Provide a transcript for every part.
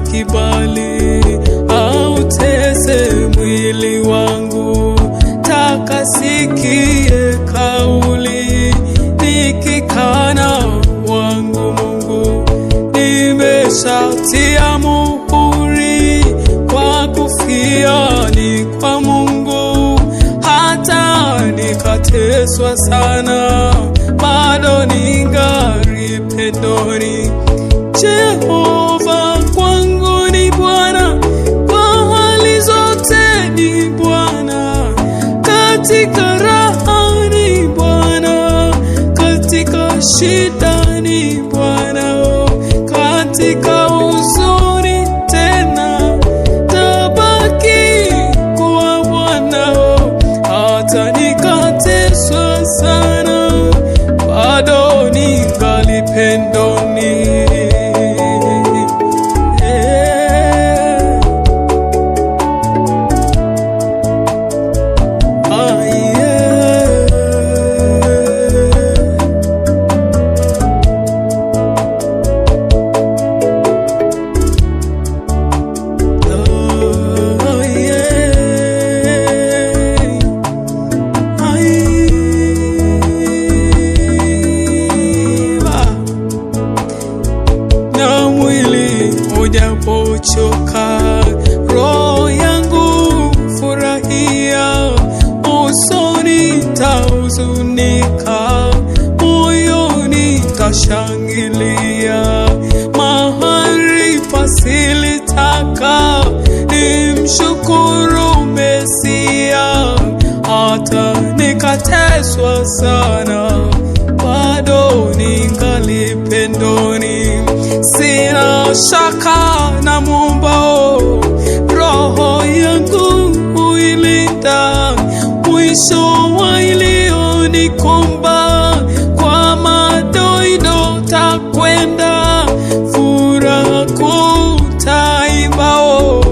kibali autese mwili wangu, takasikie kauli nikikana wangu Mungu, nimeshatia muhuri kwa kufia ni kwa Mungu, hata nikateswa sana bado ngari pendoni Jehova katika raha ni Bwana, katika shida ni Bwana, katika uzuri tena tabaki kuwa Bwana, hata nikateswa sana bado ningali pendoni Yesu nika moyoni kashangilia, mahali pasilitaka mshukuru Mesia. Hata nikateswa sana, bado ningalipendoni, sina shaka na Muumba, roho yangu uilinda mwisho Nikomba kwa madoido takwenda, furaha kuu taibao,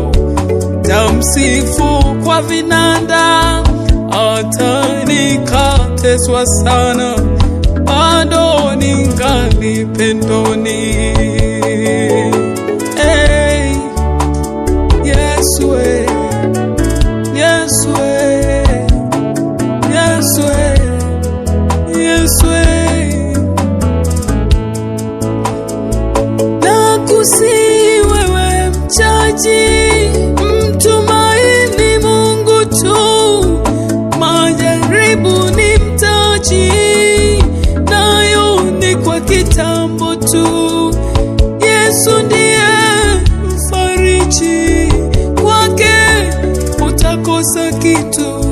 tamsifu kwa vinanda. Hata nikateswa sana, bado ningali pendoni. Hey, yesue, eh, eh. chombo tu. Yesu ndiye mfariji, kwake utakosa kitu.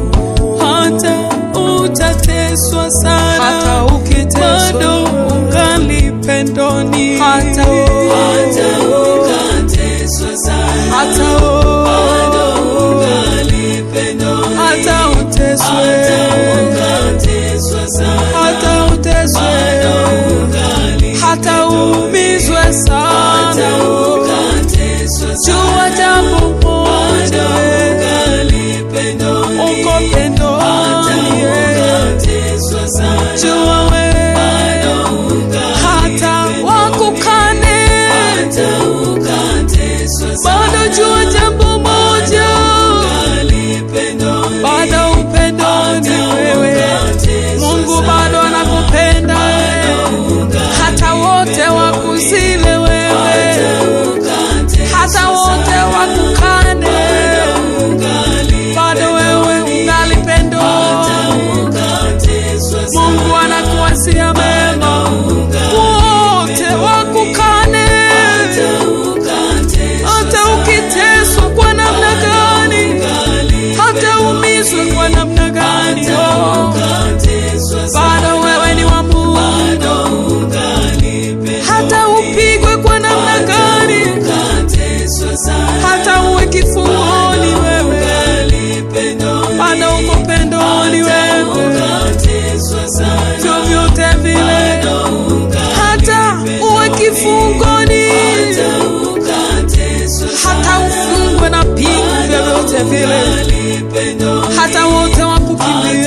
hata wote wakukimbie,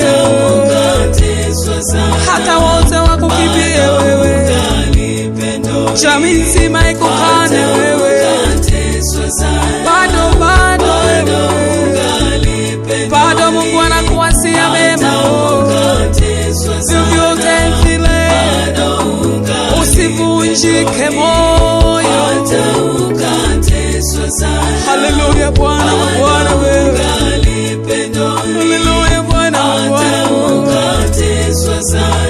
hata wote wakukimbie wewe, jamii nzima ikukane wewe, bado bado bado Mungu anakuwasia mema vyovyote vile, usivunjike moyo. Haleluya Bwana, Bwana wewe Sun.